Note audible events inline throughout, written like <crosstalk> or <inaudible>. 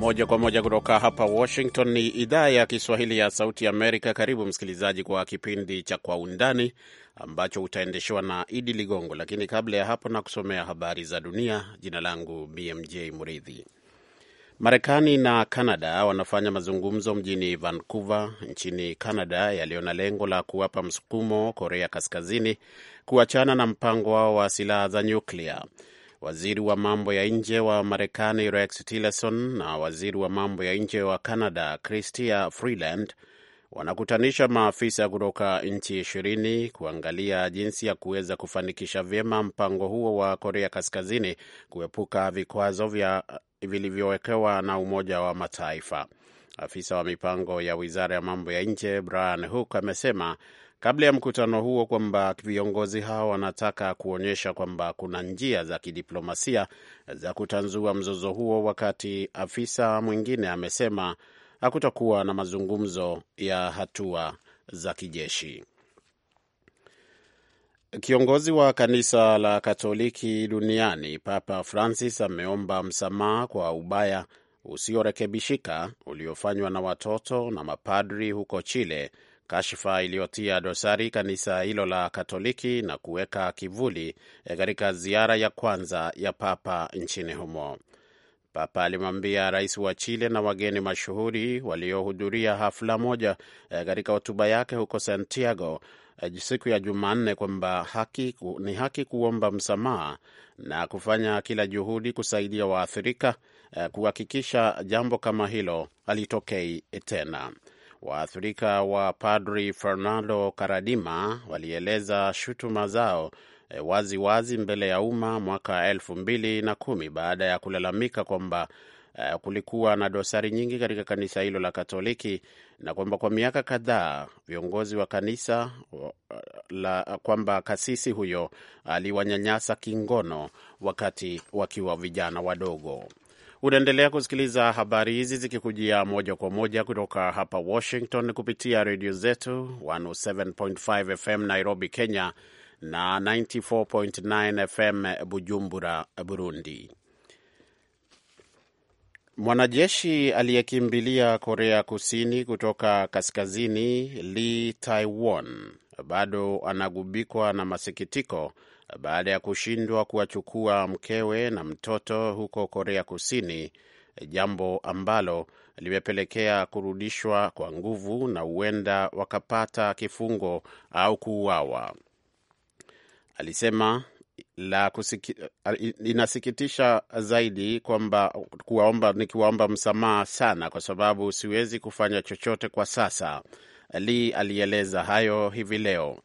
Moja kwa moja kutoka hapa Washington ni idhaa ya Kiswahili ya Sauti Amerika. Karibu msikilizaji kwa kipindi cha Kwa Undani ambacho utaendeshwa na Idi Ligongo, lakini kabla ya hapo na kusomea habari za dunia. Jina langu BMJ Mridhi. Marekani na Kanada wanafanya mazungumzo mjini Vancouver nchini Kanada yaliyo na lengo la kuwapa msukumo Korea Kaskazini kuachana na mpango wao wa silaha za nyuklia waziri wa mambo ya nje wa Marekani Rex Tillerson na waziri wa mambo ya nje wa Canada Chrystia Freeland wanakutanisha maafisa kutoka nchi ishirini kuangalia jinsi ya kuweza kufanikisha vyema mpango huo wa Korea Kaskazini kuepuka vikwazo vya vilivyowekewa na Umoja wa Mataifa. Afisa wa mipango ya wizara ya mambo ya nje Brian Hook amesema kabla ya mkutano huo kwamba viongozi hao wanataka kuonyesha kwamba kuna njia za kidiplomasia za kutanzua mzozo huo, wakati afisa mwingine amesema hakutakuwa na mazungumzo ya hatua za kijeshi. Kiongozi wa kanisa la Katoliki duniani Papa Francis ameomba msamaha kwa ubaya usiorekebishika uliofanywa na watoto na mapadri huko Chile kashfa iliyotia dosari kanisa hilo la Katoliki na kuweka kivuli eh, katika ziara ya kwanza ya Papa nchini humo. Papa alimwambia rais wa Chile na wageni mashuhuri waliohudhuria hafla moja eh, katika hotuba yake huko Santiago eh, siku ya Jumanne kwamba haki, ni haki kuomba msamaha na kufanya kila juhudi kusaidia waathirika kuhakikisha jambo kama hilo halitokei tena. Waathirika wa Padri Fernando Karadima walieleza shutuma zao waziwazi e, wazi mbele ya umma mwaka elfu mbili na kumi baada ya kulalamika kwamba e, kulikuwa na dosari nyingi katika kanisa hilo la Katoliki na kwamba kwa miaka kadhaa viongozi wa kanisa la kwamba kasisi huyo aliwanyanyasa kingono wakati wakiwa vijana wadogo. Unaendelea kusikiliza habari hizi zikikujia moja kwa moja kutoka hapa Washington kupitia redio zetu 107.5 FM Nairobi, Kenya na 94.9 FM Bujumbura, Burundi. Mwanajeshi aliyekimbilia Korea Kusini kutoka kaskazini Lee Taiwan bado anagubikwa na masikitiko baada ya kushindwa kuwachukua mkewe na mtoto huko Korea Kusini, jambo ambalo limepelekea kurudishwa kwa nguvu na huenda wakapata kifungo au kuuawa. Alisema la kusiki, inasikitisha zaidi kwamba kuwaomba, nikiwaomba msamaha sana kwa sababu siwezi kufanya chochote kwa sasa. Li alieleza hayo hivi leo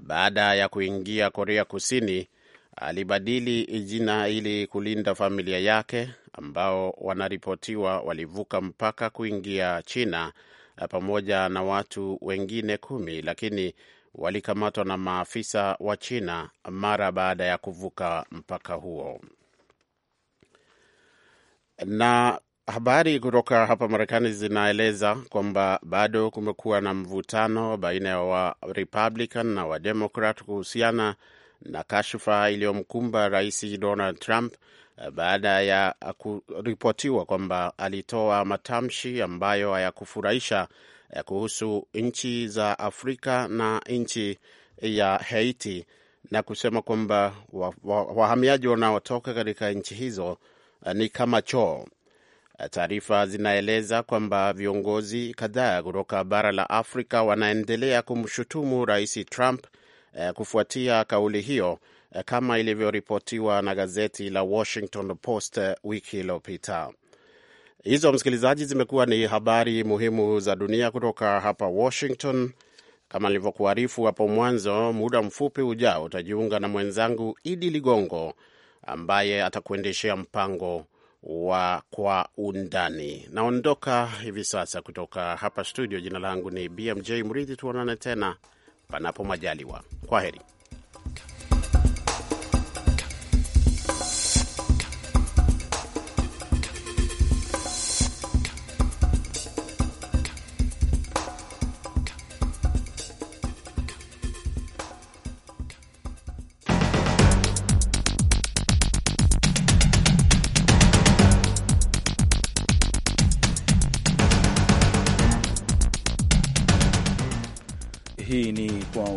baada ya kuingia Korea Kusini alibadili jina ili kulinda familia yake ambao wanaripotiwa walivuka mpaka kuingia China pamoja na watu wengine kumi, lakini walikamatwa na maafisa wa China mara baada ya kuvuka mpaka huo. Na Habari kutoka hapa Marekani zinaeleza kwamba bado kumekuwa na mvutano baina ya wa Republican na wa Democrat kuhusiana na kashfa iliyomkumba Rais Donald Trump eh, baada ya kuripotiwa kwamba alitoa matamshi ambayo hayakufurahisha eh, kuhusu nchi za Afrika na nchi ya Haiti na kusema kwamba wahamiaji wa, wa, wanaotoka katika nchi hizo eh, ni kama choo. Taarifa zinaeleza kwamba viongozi kadhaa kutoka bara la Afrika wanaendelea kumshutumu Rais Trump eh, kufuatia kauli hiyo eh, kama ilivyoripotiwa na gazeti la Washington Post eh, wiki iliyopita. Hizo msikilizaji, zimekuwa ni habari muhimu za dunia kutoka hapa Washington. Kama nilivyokuarifu hapo mwanzo, muda mfupi ujao utajiunga na mwenzangu Idi Ligongo ambaye atakuendeshea mpango wa Kwa Undani. Naondoka hivi sasa kutoka hapa studio. Jina langu ni BMJ Mridhi, tuonane tena panapo majaliwa. Kwa heri.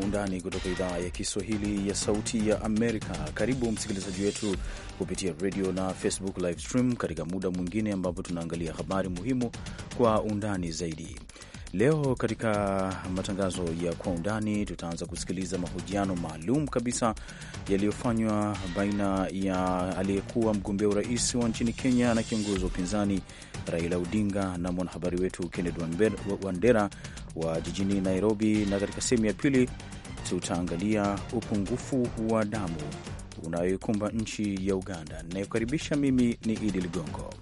undani kutoka idhaa ya Kiswahili ya Sauti ya Amerika. Karibu msikilizaji wetu kupitia radio na Facebook live stream katika muda mwingine ambapo tunaangalia habari muhimu kwa undani zaidi. Leo katika matangazo ya kwa undani tutaanza kusikiliza mahojiano maalum kabisa yaliyofanywa baina ya aliyekuwa mgombea urais wa nchini Kenya na kiongozi wa upinzani Raila Odinga na mwanahabari wetu Kenneth Wandera wa jijini Nairobi, na katika sehemu ya pili tutaangalia upungufu wa damu unayoikumba nchi ya Uganda. Ninayokaribisha mimi ni Idi Ligongo.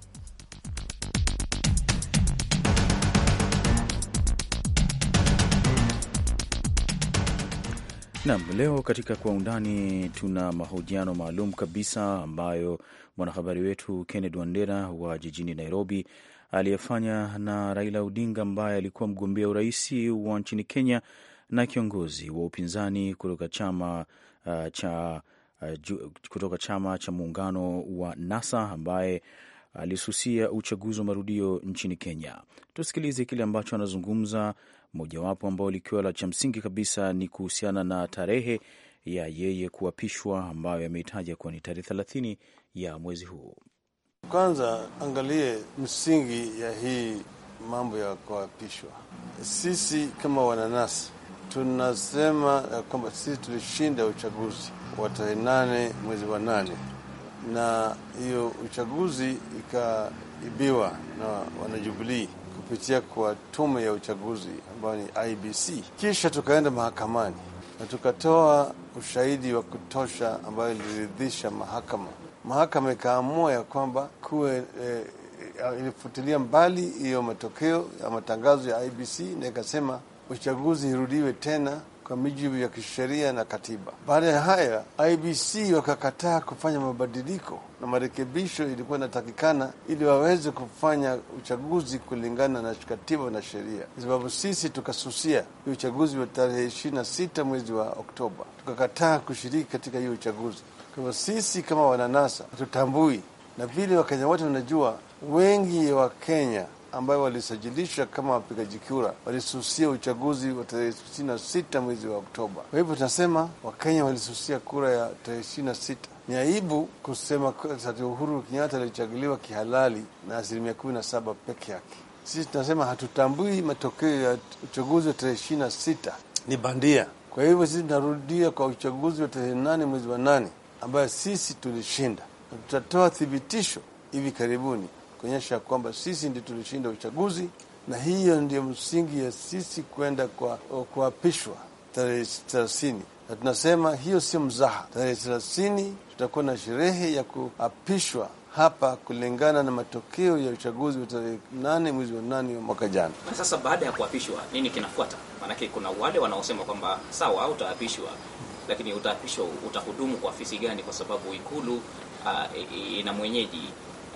Nam, leo katika Kwa Undani tuna mahojiano maalum kabisa ambayo mwanahabari wetu kenned Wandera wa jijini Nairobi aliyefanya na Raila Odinga ambaye alikuwa mgombea urais wa nchini Kenya na kiongozi wa upinzani kutoka chama uh, cha uh, kutoka chama cha muungano wa NASA ambaye alisusia uchaguzi wa marudio nchini Kenya. Tusikilize kile ambacho anazungumza, mojawapo ambao likiwa la cha msingi kabisa ni kuhusiana na tarehe ya yeye kuapishwa ambayo yamehitaja kuwa ni tarehe thelathini ya mwezi huu. Kwanza angalie msingi ya hii mambo ya kuapishwa. Sisi kama wananasi tunasema ya kwamba sisi tulishinda uchaguzi wa tarehe nane mwezi wa nane, na hiyo uchaguzi ikaibiwa na wanajubilii kupitia kwa tume ya uchaguzi ambayo ni IBC. Kisha tukaenda mahakamani na tukatoa ushahidi wa kutosha ambayo iliridhisha mahakama mahakama ikaamua ya kwamba kuwe eh, eh, ilifutilia mbali hiyo matokeo ya matangazo ya IBC na ikasema uchaguzi irudiwe tena kwa mujibu ya kisheria na katiba. Baada ya haya, IBC wakakataa kufanya mabadiliko na marekebisho ilikuwa inatakikana ili waweze kufanya uchaguzi kulingana na katiba na sheria, kwa sababu sisi tukasusia hiyo uchaguzi wa tarehe ishirini na sita mwezi wa Oktoba, tukakataa kushiriki katika hiyo uchaguzi. Kwa sisi kama wananasa tutambui, na vile Wakenya wote wanajua wengi wa Kenya ambayo walisajilishwa kama wapigaji kura walisusia uchaguzi wa tarehe ishirini na sita mwezi wa Oktoba. Kwa hivyo tunasema Wakenya walisusia kura ya tarehe ishirini na sita. Ni aibu kusema Daktari Uhuru Kenyatta alichaguliwa kihalali na asilimia kumi na saba peke yake. Sisi tunasema hatutambui matokeo ya uchaguzi wa tarehe ishirini na sita ni bandia. Kwa hivyo sisi tunarudia kwa uchaguzi wa tarehe nane mwezi wa nane ambayo sisi tulishinda, na tutatoa thibitisho hivi karibuni kuonyesha kwamba sisi ndio tulishinda uchaguzi, na hiyo ndiyo msingi ya sisi kwenda kwa kuapishwa tarehe thelathini, na tunasema hiyo sio mzaha. Tarehe thelathini tutakuwa na sherehe ya kuapishwa hapa kulingana na matokeo ya uchaguzi wa tarehe nane mwezi wa nane wa mwaka jana. Na sasa baada ya kuapishwa, nini kinafuata? Maanake kuna wale wanaosema kwamba sawa, utaapishwa, lakini utaapishwa utahudumu kwa afisi gani? Kwa sababu ikulu uh, ina mwenyeji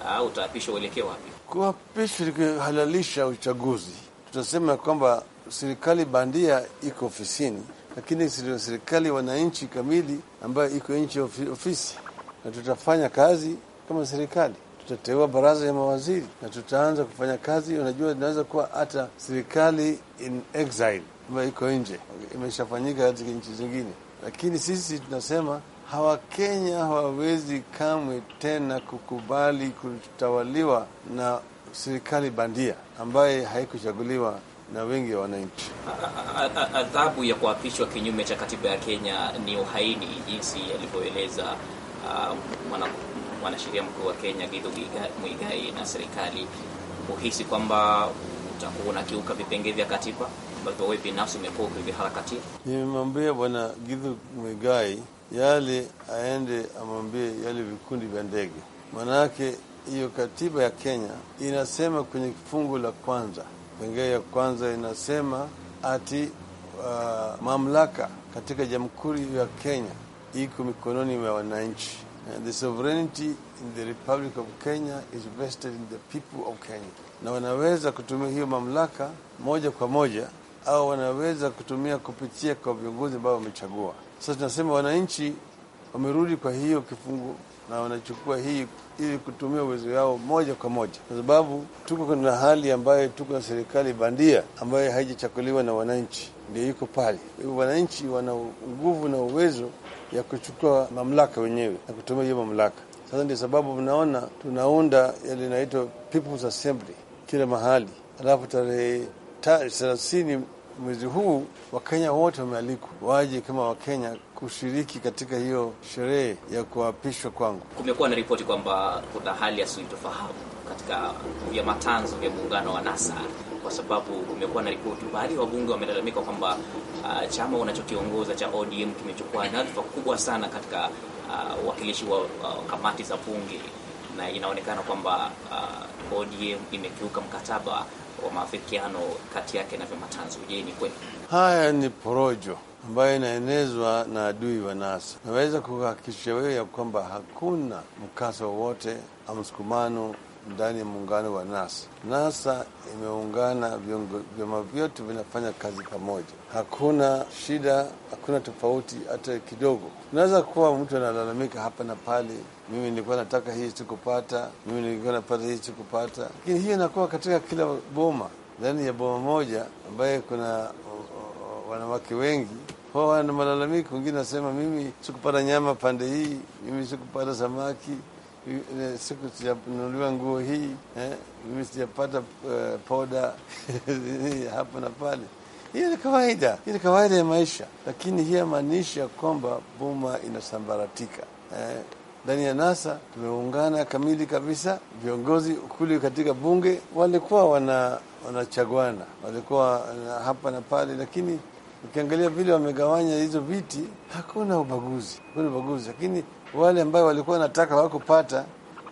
uh, ah, utaapishwa uelekee wapi? Kuapishwa ikuhalalisha uchaguzi, tutasema kwamba serikali bandia iko ofisini, lakini serikali wananchi kamili ambayo iko nchi ofisi, na tutafanya kazi kama serikali tutateua baraza ya mawaziri na tutaanza kufanya kazi. Unajua, inaweza kuwa hata serikali in exile ambayo iko nje, imeshafanyika katika nchi zingine lakini sisi tunasema Hawakenya hawawezi kamwe tena kukubali kutawaliwa na serikali bandia ambaye haikuchaguliwa na wengi wa wananchi. Adhabu ya kuapishwa kinyume cha katiba ya Kenya ni uhaini, jinsi alivyoeleza mwanasheria mkuu wa Kenya Githu Muigai na serikali. Huhisi kwamba utakuwa unakiuka vipengee vya katiba? ambapo wewe binafsi umekuwa ukiviharakati? Nimemwambia Bwana Githu Mwigai yale aende amwambie yale vikundi vya ndege, manake hiyo katiba ya Kenya inasema kwenye kifungu la kwanza pengee ya kwanza inasema ati uh, mamlaka katika jamhuri ya Kenya iko mikononi mwa wananchi. The sovereignty in the Republic of Kenya is vested in the people of Kenya, na wanaweza kutumia hiyo mamlaka moja kwa moja au wanaweza kutumia kupitia kwa viongozi ambao wamechagua. Sasa tunasema wananchi wamerudi kwa hiyo kifungu na wanachukua hii ili kutumia uwezo wao moja kwa moja, kwa sababu tuko na hali ambayo tuko na serikali bandia ambayo haijachakuliwa na wananchi, ndio iko pale. Hivyo wananchi wana nguvu na uwezo ya kuchukua mamlaka wenyewe na kutumia hiyo mamlaka. Sasa ndio sababu mnaona tunaunda yale inaitwa People's Assembly kila mahali, alafu tarehe thelathini mwezi huu Wakenya wote wamealikwa waje kama Wakenya kushiriki katika hiyo sherehe ya kuapishwa kwangu. Kumekuwa na ripoti kwamba kuna hali ya sintofahamu katika vyama tanzu vya muungano wa NASA kwa sababu kumekuwa na ripoti, baadhi ya wabunge wamelalamika kwamba uh, chama unachokiongoza cha ODM kimechukua nafasi kubwa sana katika uh, uwakilishi uh, wa uh, kamati za bunge na inaonekana kwamba uh, ODM imekiuka mkataba wa maafikiano kati yake na vyama tanzu. Je, ni kweli haya ni porojo ambayo inaenezwa na adui wa NASA? Naweza kuhakikisha wewe ya kwamba hakuna mkasa wowote au msukumano ndani ya muungano wa NASA. NASA imeungana, vyama vyote vinafanya kazi pamoja, hakuna shida, hakuna tofauti hata kidogo. Unaweza kuwa mtu analalamika hapa na pale mimi nilikuwa nataka hii sikupata, mimi nilikuwa napata hii sikupata. Lakini hiyo inakuwa katika kila boma, ndani ya boma moja ambaye kuna wanawake wengi huwa malalamiko. Wengine nasema mimi sikupata nyama pande hii, mimi sikupata samaki, eh, siku sijanunuliwa nguo hii eh, mimi sijapata uh, poda <laughs> hapa na pale. Hiyo ni kawaida, hiyo ni kawaida ya maisha, lakini hiyo maanisha kwamba boma inasambaratika eh ndani ya NASA tumeungana kamili kabisa. Viongozi kule katika bunge walikuwa wana wanachagwana, walikuwa hapa na pale, lakini ukiangalia vile wamegawanya hizo viti, hakuna ubaguzi, hakuna ubaguzi. Lakini wale ambao walikuwa wanataka wakupata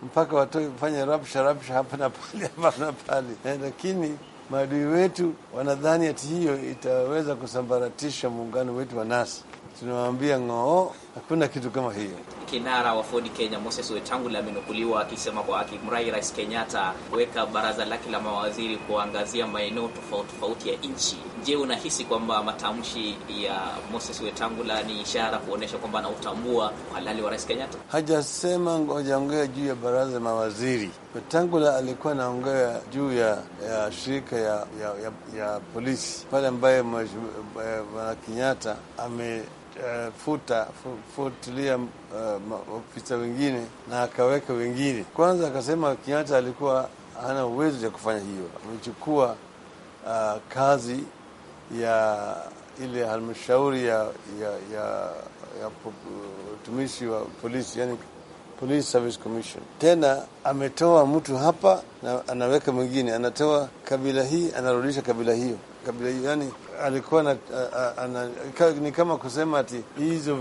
mpaka watoe fanya rabsha rabsha hapa na pale <laughs> hapa na pale eh, lakini maadui wetu wanadhani ati hiyo itaweza kusambaratisha muungano wetu wa NASA tunawaambia ng'oo, hakuna kitu kama hiyo. Kinara wa Ford Kenya Moses Wetangula amenukuliwa akisema kwa akimrai Rais Kenyatta kuweka baraza lake la mawaziri kuangazia maeneo tofauti tofauti ya nchi. Je, unahisi kwamba matamshi ya Moses Wetangula ni ishara kuonyesha kwamba anautambua uhalali wa Rais Kenyatta? Hajasema ngoja juu ya baraza mawaziri Wetangula alikuwa anaongea juu ya, ya shirika ya, ya, ya, ya polisi pale ambaye eh, bwana Kenyatta amefuta eh, futilia eh, ofisa uh, wengine na akaweka wengine kwanza. Akasema Kenyatta alikuwa hana uwezo ya kufanya hiyo, amechukua uh, kazi ya ile halmashauri ya, ya, ya, ya utumishi wa polisi yani Police Service Commission. Tena ametoa mtu hapa na anaweka mwingine, anatoa kabila hii anarudisha kabila hiyo kabila hiyo, yani alikuwa na, a, a, a, ka, ni kama kusema ati hizo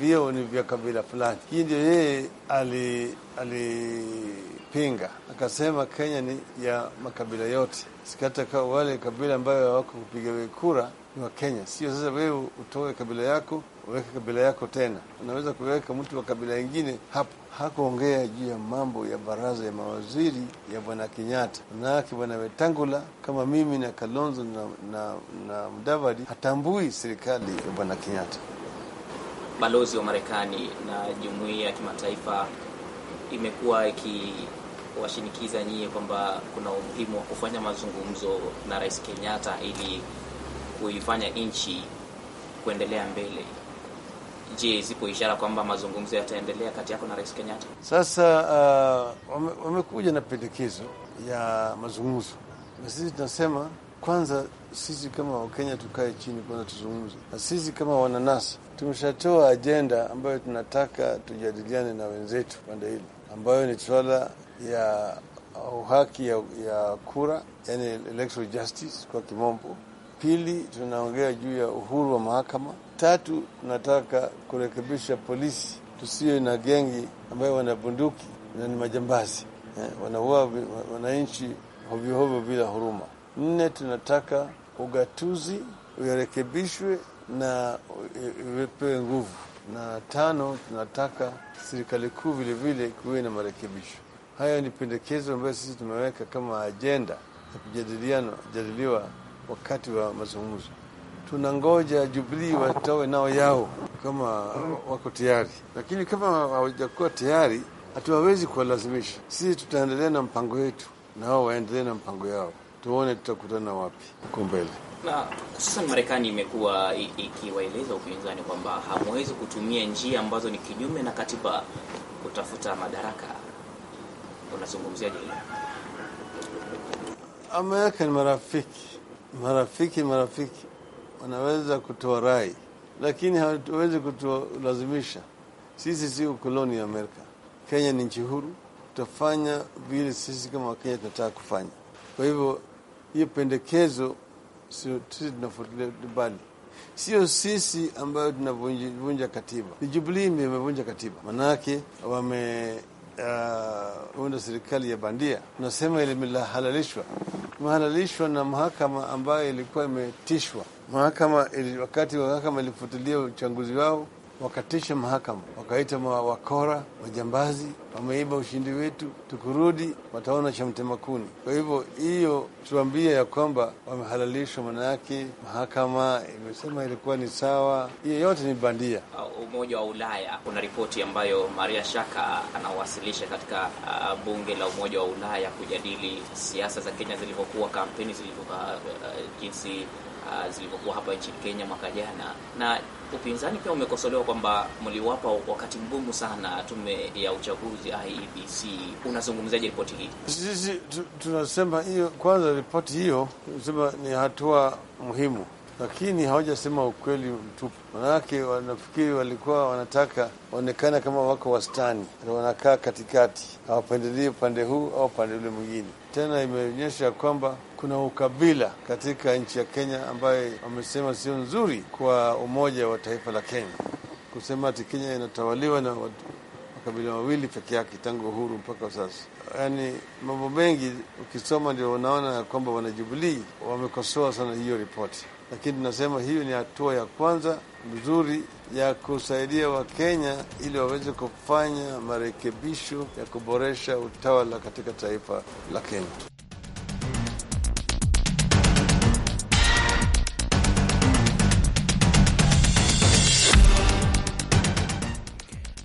vyeo ni vya kabila fulani. Hii ndio yeye ali alipinga akasema Kenya ni ya makabila yote, sikata ka, wale kabila ambayo hawako kupiga kura ni wa Kenya, sio sasa wewe utoe kabila yako kuweka kabila yako tena, unaweza kuweka mtu wa kabila ingine hapo. Hakuongea juu ya mambo ya baraza ya mawaziri ya bwana Kenyatta, manake bwana Wetangula kama mimi na Kalonzo na, na, na Mdavadi hatambui serikali ya bwana Kenyatta. Balozi wa Marekani na jumuiya ya kimataifa imekuwa ikiwashinikiza nyie kwamba kuna umuhimu wa kufanya mazungumzo na Rais Kenyatta ili kuifanya nchi kuendelea mbele. Je, zipo ishara kwamba mazungumzo yataendelea kati yako na Rais Kenyatta? Sasa uh, wamekuja na pendekezo ya mazungumzo, na sisi tunasema kwanza, sisi kama Wakenya tukae chini kwanza, tuzungumze. Na sisi kama wananasi tumeshatoa ajenda ambayo tunataka tujadiliane na wenzetu pande hili, ambayo ni suala ya uhaki ya, ya kura, yani electoral justice kwa kimombo. Pili, tunaongea juu ya uhuru wa mahakama Tatu, tunataka kurekebisha polisi, tusiwe na gengi ambayo wana bunduki na ni majambazi eh, wanaua wananchi hovyohovyo bila huruma. Nne, tunataka ugatuzi uyarekebishwe na iwepewe nguvu. Na tano, tunataka serikali kuu vilevile kuwe na marekebisho. Hayo ni pendekezo ambayo sisi tumeweka kama ajenda ya kujadiliwa wakati wa mazungumzo tunangoja Jubilii watoe nao yao kama wako tayari, lakini kama hawajakuwa tayari hatuwawezi kuwalazimisha. Sisi tutaendelea na mpango wetu na wao waendelee na mpango yao, tuone tutakutana wapi huko mbele. Na hususan Marekani imekuwa ikiwaeleza upinzani kwamba hamwezi kutumia njia ambazo ni kinyume na katiba kutafuta madaraka. Unazungumziaje hilo? Amerika ni marafiki, marafiki, marafiki wanaweza kutoa rai, lakini hawawezi kutulazimisha. Sisi si ukoloni ya Amerika. Kenya ni nchi huru, tutafanya vile sisi kama Wakenya tunataka kufanya. Kwa hivyo hiyo pendekezo sisi tunafuatilia bali sio sisi ambayo tunavunja katiba. Ni Jubilii ndio imevunja katiba, manake wameunda uh, serikali ya bandia. Tunasema ilimehalalishwa, imehalalishwa na mahakama ambayo ilikuwa imetishwa mahakama ili, wakati mahakama ilifuatilia uchanguzi wao wakatisha mahakama, wakaita wakora wajambazi, wameiba ushindi wetu, tukurudi wataona cha Kwa hivyo hiyo tuambia ya kwamba wamehalalishwa, manayake mahakama imesema ilikuwa ni sawa, hiyo yote ni bandia. Uh, Umoja wa Ulaya, kuna ripoti ambayo Maria Shaka anawasilisha katika uh, bunge la Umoja wa Ulaya kujadili siasa za Kenya zilivyokuwa, kampeni zilivyo, uh, uh, jinsi uh, zilivyokuwa hapa nchini Kenya mwaka jana, na upinzani pia umekosolewa kwamba mliwapa wakati mgumu sana tume ya uchaguzi IEBC. Unazungumzaje ripoti hii? Sisi tunasema hiyo, kwanza ripoti hiyo tunasema ni hatua muhimu, lakini hawajasema ukweli mtupu. Manake wanafikiri walikuwa wanataka waonekana kama wako wastani, wanakaa katikati, hawapendelii upande huu au upande ule mwingine tena imeonyesha kwamba kuna ukabila katika nchi ya Kenya ambaye wamesema sio nzuri kwa umoja wa taifa la Kenya, kusema ati Kenya inatawaliwa na makabila mawili peke yake tangu uhuru mpaka sasa. Yaani mambo mengi ukisoma, ndio unaona ya kwamba wanajubilii wamekosoa sana hiyo ripoti, lakini tunasema hiyo ni hatua ya kwanza mzuri ya kusaidia Wakenya ili waweze kufanya marekebisho ya kuboresha utawala katika taifa la Kenya.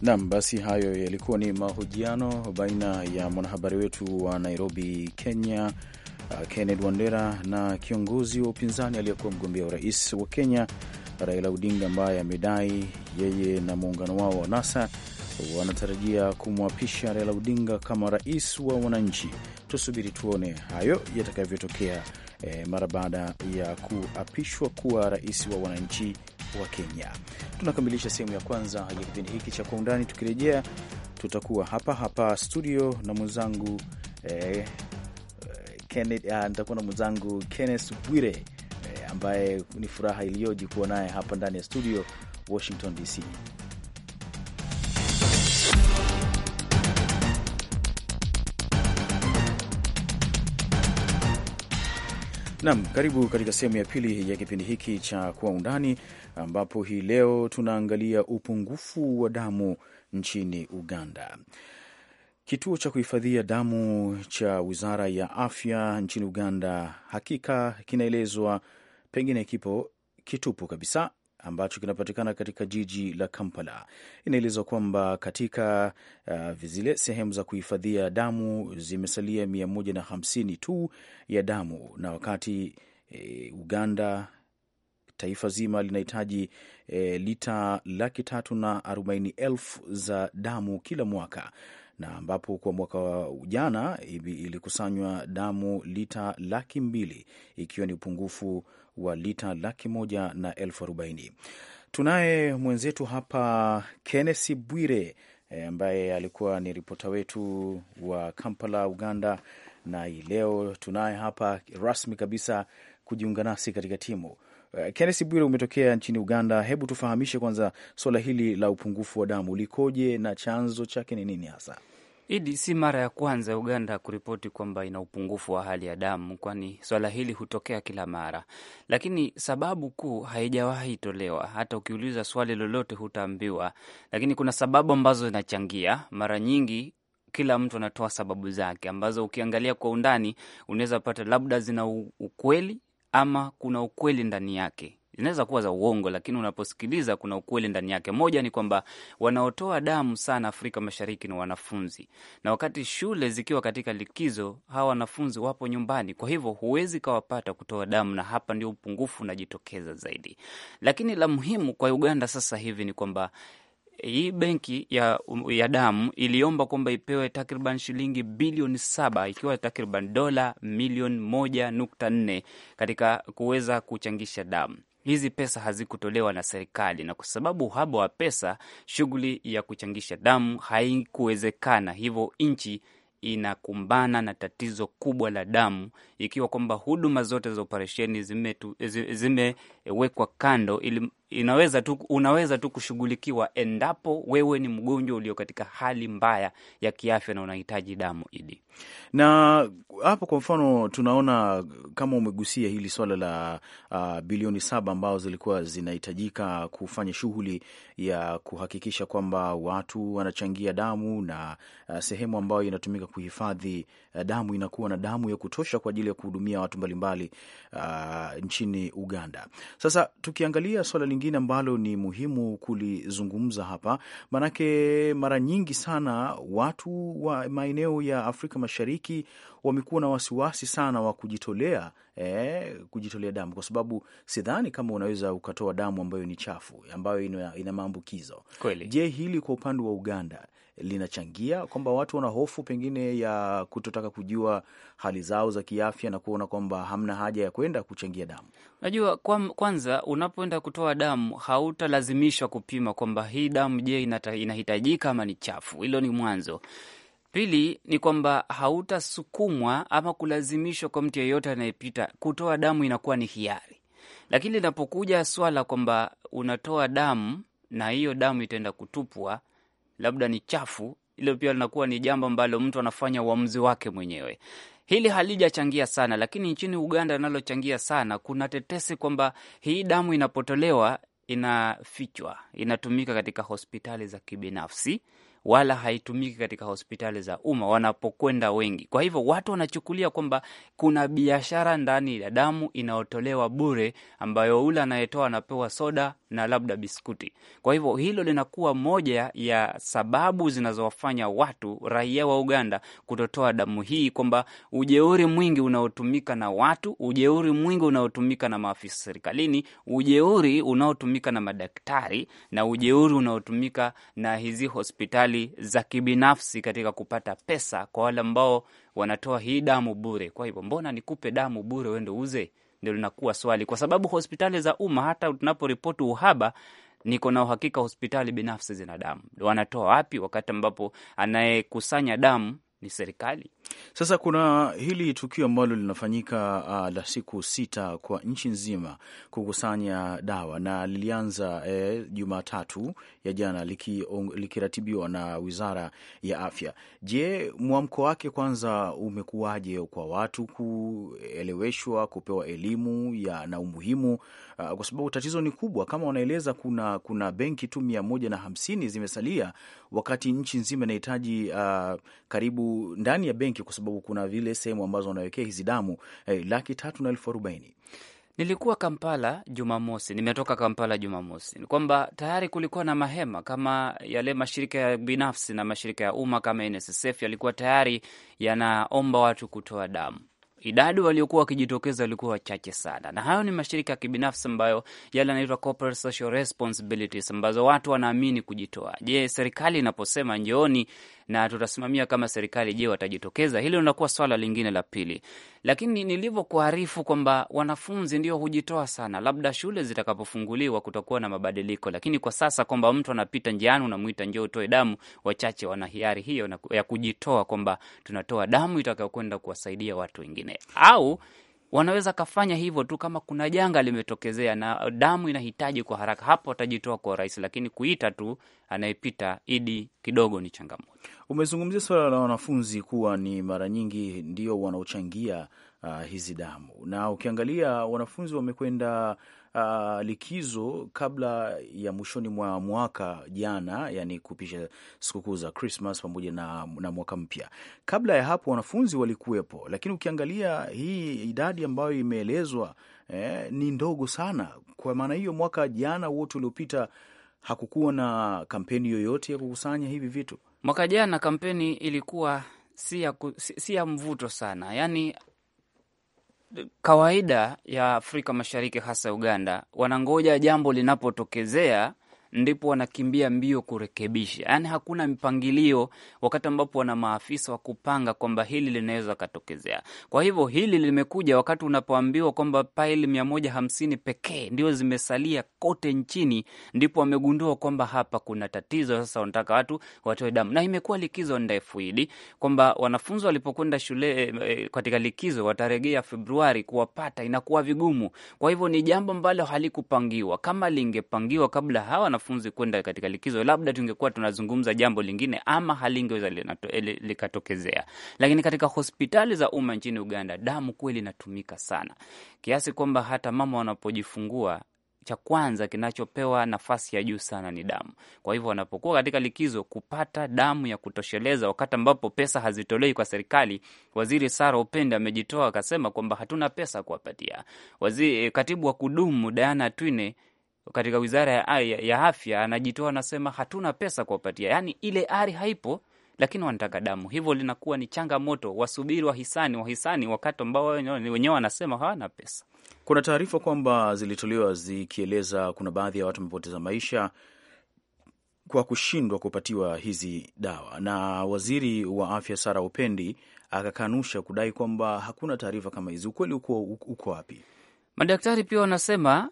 Nam, basi hayo yalikuwa ni mahojiano baina ya mwanahabari wetu wa Nairobi, Kenya, uh, Kenneth Wandera na kiongozi wa upinzani aliyekuwa mgombea urais wa Kenya Raila Odinga ambaye amedai yeye na muungano wao wa NASA wanatarajia kumwapisha Raila Odinga kama rais wa wananchi. Tusubiri tuone hayo yatakavyotokea eh, mara baada ya kuapishwa kuwa rais wa wananchi wa Kenya. Tunakamilisha sehemu ya kwanza ya kipindi hiki cha Kwa Undani. Tukirejea tutakuwa hapa hapa studio na mwenzangu eh, nitakuwa na mwenzangu Kenneth Bwire ambaye ni furaha iliyoji kuwa naye hapa ndani ya studio Washington DC. Nam, karibu katika sehemu ya pili ya kipindi hiki cha Kwa Undani, ambapo hii leo tunaangalia upungufu wa damu nchini Uganda. Kituo cha kuhifadhia damu cha wizara ya afya nchini Uganda hakika kinaelezwa pengine kipo kitupu kabisa ambacho kinapatikana katika jiji la Kampala. Inaelezwa kwamba katika uh, zile sehemu za kuhifadhia damu zimesalia mia moja na hamsini tu ya damu, na wakati e, Uganda taifa zima linahitaji e, lita laki tatu na arobaini elfu za damu kila mwaka na ambapo kwa mwaka wa ujana ilikusanywa damu lita laki mbili ikiwa ni upungufu wa lita laki moja na elfu arobaini. Tunaye mwenzetu hapa Kennesi Bwire eh, ambaye alikuwa ni ripota wetu wa Kampala, Uganda, na hii leo tunaye hapa rasmi kabisa kujiunga nasi katika timu. Eh, Kennesi Bwire, umetokea nchini Uganda. Hebu tufahamishe kwanza, suala hili la upungufu wa damu likoje na chanzo chake ni nini hasa? Idi, si mara ya kwanza Uganda kuripoti kwamba ina upungufu wa hali ya damu, kwani swala hili hutokea kila mara, lakini sababu kuu haijawahi tolewa. Hata ukiuliza swali lolote hutaambiwa, lakini kuna sababu ambazo zinachangia. Mara nyingi kila mtu anatoa sababu zake ambazo ukiangalia kwa undani unaweza pata labda zina ukweli ama kuna ukweli ndani yake zinaweza kuwa za uongo, lakini unaposikiliza kuna ukweli ndani yake. Moja ni kwamba wanaotoa damu sana Afrika Mashariki ni wanafunzi, na wakati shule zikiwa katika likizo, hawa wanafunzi wapo nyumbani, kwa hivyo huwezi kawapata kutoa damu, na hapa ndio upungufu unajitokeza zaidi. Lakini la muhimu kwa Uganda sasa hivi ni kwamba hii benki ya, ya damu iliomba kwamba ipewe takriban shilingi bilioni saba ikiwa takriban dola milioni moja nukta nne katika kuweza kuchangisha damu hizi pesa hazikutolewa na serikali, na kwa sababu uhaba wa pesa, shughuli ya kuchangisha damu haikuwezekana. Hivyo nchi inakumbana na tatizo kubwa la damu, ikiwa kwamba huduma zote za operesheni zimewekwa zime kando, ili inaweza tu, unaweza tu kushughulikiwa endapo wewe ni mgonjwa ulio katika hali mbaya ya kiafya na unahitaji damu idi. Na hapo kwa mfano tunaona kama umegusia hili swala la uh, bilioni saba ambazo zilikuwa zinahitajika kufanya shughuli ya kuhakikisha kwamba watu wanachangia damu na uh, sehemu ambayo inatumika kuhifadhi Eh, damu inakuwa na damu ya kutosha kwa ajili ya kuhudumia watu mbalimbali uh, nchini Uganda. Sasa tukiangalia swala lingine ambalo ni muhimu kulizungumza hapa, maanake mara nyingi sana watu wa maeneo ya Afrika Mashariki wamekuwa na wasiwasi sana wa kujitolea eh, kujitolea damu kwa sababu sidhani kama unaweza ukatoa damu ambayo ni chafu ambayo ina, ina maambukizo. Je, hili kwa upande wa Uganda linachangia kwamba watu wana hofu pengine ya kutotaka kujua hali zao za kiafya na kuona kwamba hamna haja ya kwenda kuchangia damu? Najua kwa, kwanza unapoenda kutoa damu hautalazimishwa kupima kwamba hii damu, je, inahitajika ama ni chafu. Hilo ni mwanzo. Pili ni kwamba hautasukumwa ama kulazimishwa kwa mtu yeyote anayepita kutoa damu, inakuwa ni hiari. Lakini linapokuja swala kwamba unatoa damu na hiyo damu itaenda kutupwa, labda ni chafu, hilo pia linakuwa ni jambo ambalo mtu anafanya uamuzi wake mwenyewe. Hili halijachangia sana, lakini nchini Uganda linalochangia sana, kuna tetesi kwamba hii damu inapotolewa inafichwa, inatumika katika hospitali za kibinafsi wala haitumiki katika hospitali za umma wanapokwenda wengi. Kwa hivyo watu wanachukulia kwamba kuna biashara ndani ya damu inayotolewa bure, ambayo ule anayetoa anapewa soda na labda biskuti. Kwa hivyo hilo linakuwa moja ya sababu zinazowafanya watu raia wa Uganda kutotoa damu hii, kwamba ujeuri mwingi unaotumika na watu, ujeuri mwingi unaotumika na maafisa serikalini, ujeuri unaotumika na madaktari na ujeuri unaotumika na hizi hospitali shughuli za kibinafsi katika kupata pesa kwa wale ambao wanatoa hii damu bure. Kwa hivyo mbona nikupe damu bure uende uze Ndio linakuwa swali, kwa sababu hospitali za umma hata tunaporipoti uhaba niko na uhakika hospitali binafsi zina damu. Wanatoa wapi, wakati ambapo anayekusanya damu ni serikali? Sasa kuna hili tukio ambalo linafanyika uh, la siku sita kwa nchi nzima kukusanya dawa na lilianza eh, Jumatatu ya jana liki, likiratibiwa na Wizara ya Afya. Je, mwamko wake kwanza umekuwaje kwa watu kueleweshwa, kupewa elimu ya na umuhimu uh, kwa sababu tatizo ni kubwa kama wanaeleza, kuna, kuna benki tu mia moja na hamsini zimesalia wakati nchi nzima inahitaji uh, karibu ndani ya benki kwa sababu kuna vile sehemu ambazo wanawekea hizi damu eh, laki tatu na elfu arobaini. Nilikuwa Kampala Jumamosi, nimetoka Kampala Jumamosi, ni kwamba tayari kulikuwa na mahema kama yale mashirika ya binafsi na mashirika ya umma kama NSSF yalikuwa tayari yanaomba watu kutoa damu. Idadi waliokuwa wakijitokeza walikuwa wachache sana, na hayo ni mashirika ya kibinafsi ambayo yale yanaitwa corporate social responsibilities, ambazo watu wanaamini kujitoa. Je, serikali inaposema njooni na tutasimamia kama serikali, je, watajitokeza? Hilo linakuwa swala lingine la pili. Lakini nilivyokuarifu kwamba wanafunzi ndio hujitoa sana, labda shule zitakapofunguliwa kutakuwa na mabadiliko, lakini kwa sasa kwamba mtu anapita njiani unamwita njoo utoe damu, wachache wana hiari hiyo ya kujitoa kwamba tunatoa damu itakayokwenda kuwasaidia watu wengine au wanaweza kafanya hivyo tu kama kuna janga limetokezea na damu inahitaji kwa haraka, hapo watajitoa kwa urahisi, lakini kuita tu anayepita idi kidogo ni changamoto. Umezungumzia suala la wanafunzi kuwa ni mara nyingi ndio wanaochangia uh, hizi damu na ukiangalia wanafunzi wamekwenda uh, likizo kabla ya mwishoni mwa mwaka jana, yani kupisha sikukuu za Christmas pamoja na, na mwaka mpya. Kabla ya hapo wanafunzi walikuwepo, lakini ukiangalia hii idadi ambayo imeelezwa eh, ni ndogo sana. Kwa maana hiyo, mwaka jana wote uliopita hakukuwa na kampeni yoyote ya kukusanya hivi vitu. Mwaka jana kampeni ilikuwa si ya mvuto sana, yani kawaida ya Afrika Mashariki hasa Uganda wanangoja jambo linapotokezea ndipo wanakimbia mbio kurekebisha. Yaani hakuna mpangilio, wakati ambapo wana maafisa wa kupanga kwamba hili linaweza katokezea. Kwa hivyo hili limekuja wakati unapoambiwa kwamba paili mia moja hamsini pekee ndio zimesalia kote nchini, ndipo wamegundua kwamba hapa kuna tatizo. Sasa wanataka watu watoe damu, na imekuwa likizo ndefu hili kwamba wanafunzi walipokwenda shule e, katika likizo wataregea Februari, kuwapata inakuwa vigumu. Kwa hivyo ni jambo ambalo halikupangiwa. Kama lingepangiwa kabla hawa wanafunzi kwenda katika likizo, labda tungekuwa tunazungumza jambo lingine, ama halingeweza likatokezea. Lakini katika hospitali za umma nchini Uganda damu kweli inatumika sana, kiasi kwamba hata mama wanapojifungua cha kwanza kinachopewa nafasi ya juu sana ni damu. Kwa hivyo wanapokuwa katika likizo, kupata damu ya kutosheleza, wakati ambapo pesa hazitolewi kwa serikali. Waziri Sara Upende amejitoa akasema kwamba hatuna pesa kuwapatia. Waziri eh, katibu wa kudumu Diana Twine katika wizara ya, ya afya anajitoa anasema hatuna pesa kuwapatia, yaani ile ari haipo, lakini wanataka damu. Hivyo linakuwa ni changamoto, wasubiri wahisani, wahisani wakati ambao wenyewe wanasema hawana pesa. Kuna taarifa kwamba zilitolewa zikieleza kuna baadhi ya watu wamepoteza maisha kwa kushindwa kupatiwa hizi dawa, na waziri wa afya Sara Upendi akakanusha kudai kwamba hakuna taarifa kama hizi. Ukweli uko uko wapi? Madaktari pia wanasema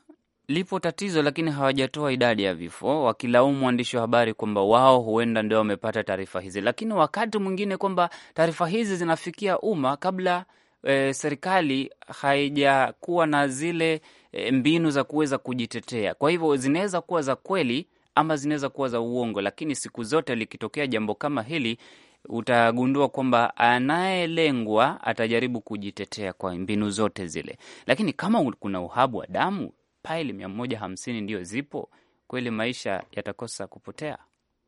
lipo tatizo, lakini hawajatoa idadi ya vifo, wakilaumu waandishi wa habari kwamba wao huenda ndio wamepata taarifa hizi, lakini wakati mwingine kwamba taarifa hizi zinafikia umma kabla E, serikali haijakuwa na zile e, mbinu za kuweza kujitetea. Kwa hivyo zinaweza kuwa za kweli ama zinaweza kuwa za uongo, lakini siku zote likitokea jambo kama hili, utagundua kwamba anayelengwa atajaribu kujitetea kwa mbinu zote zile. Lakini kama kuna uhabu wa damu, paili mia moja hamsini ndiyo zipo kweli, maisha yatakosa kupotea?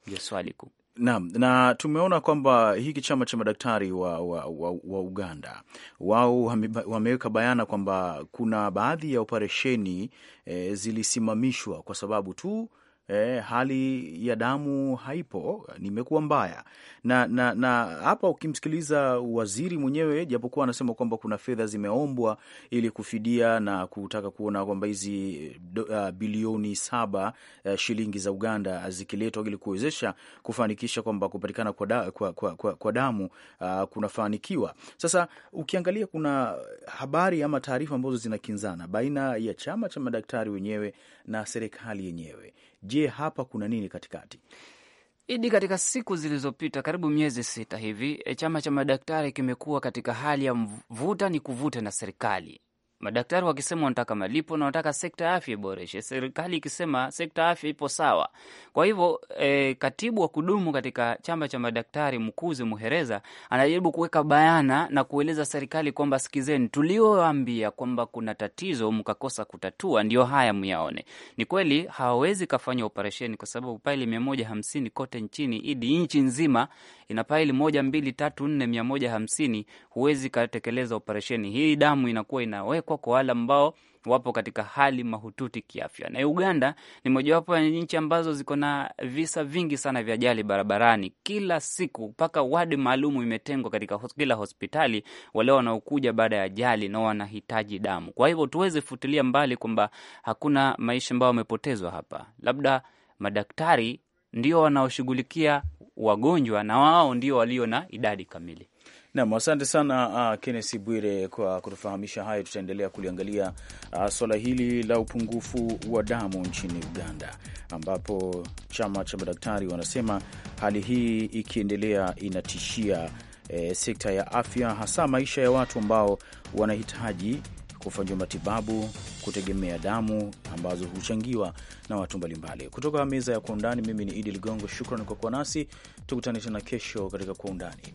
Ndio swali kuu. Naam, na tumeona kwamba hiki chama cha madaktari wa, wa, wa, wa Uganda wao wameweka bayana kwamba kuna baadhi ya operesheni e, zilisimamishwa kwa sababu tu E, hali ya damu haipo, nimekuwa mbaya na na na. Hapa ukimsikiliza waziri mwenyewe, japokuwa anasema kwamba kuna fedha zimeombwa ili kufidia na kutaka kuona kwamba hizi uh, bilioni saba uh, shilingi za Uganda zikiletwa ili kuwezesha kufanikisha kwamba kupatikana kwa, da, kwa, kwa, kwa, kwa damu uh, kunafanikiwa. Sasa ukiangalia kuna habari ama taarifa ambazo zinakinzana baina ya chama cha madaktari wenyewe na serikali yenyewe Je, hapa kuna nini katikati? Idi, katika siku zilizopita karibu miezi sita hivi, e, chama cha madaktari kimekuwa katika hali ya mvuta ni kuvuta na serikali Madaktari wakisema wanataka malipo na wanataka sekta ya afya iboreshe, serikali ikisema sekta ya afya ipo sawa. Kwa hivyo e, katibu wa kudumu katika chama cha madaktari Mkuzi Muhereza anajaribu kuweka bayana na kueleza serikali kwamba sikizeni, tulioambia kwamba kuna tatizo mkakosa kutatua, ndio haya myaone. Ni kweli hawawezi kafanya operesheni kwa sababu pale mia moja hamsini kote nchini idi nchi nzima ina paili moja mbili tatu nne mia moja hamsini, huwezi katekeleza operesheni hii. Damu inakuwa inawekwa kwa wale ambao wapo katika hali mahututi kiafya, na Uganda ni mojawapo ya nchi ambazo ziko na visa vingi sana vya ajali barabarani kila siku, mpaka wadi maalumu imetengwa katika kila hospitali wale wanaokuja baada ya ajali na wanahitaji damu. Kwa hivyo tuweze futilia mbali kwamba hakuna maisha ambayo wamepotezwa hapa, labda madaktari ndio wanaoshughulikia wagonjwa na wao ndio walio na idadi kamili. Nam, asante sana uh, Kennesi Bwire kwa kutufahamisha hayo. Tutaendelea kuliangalia uh, suala hili la upungufu wa damu nchini Uganda, ambapo chama cha madaktari wanasema hali hii ikiendelea inatishia eh, sekta ya afya, hasa maisha ya watu ambao wanahitaji kufanyiwa matibabu, kutegemea damu ambazo huchangiwa na watu mbalimbali. Kutoka meza ya Kwa Undani, mimi ni Idi Ligongo, shukran kwa kuwa nasi. Tukutane tena kesho katika Kwa Undani.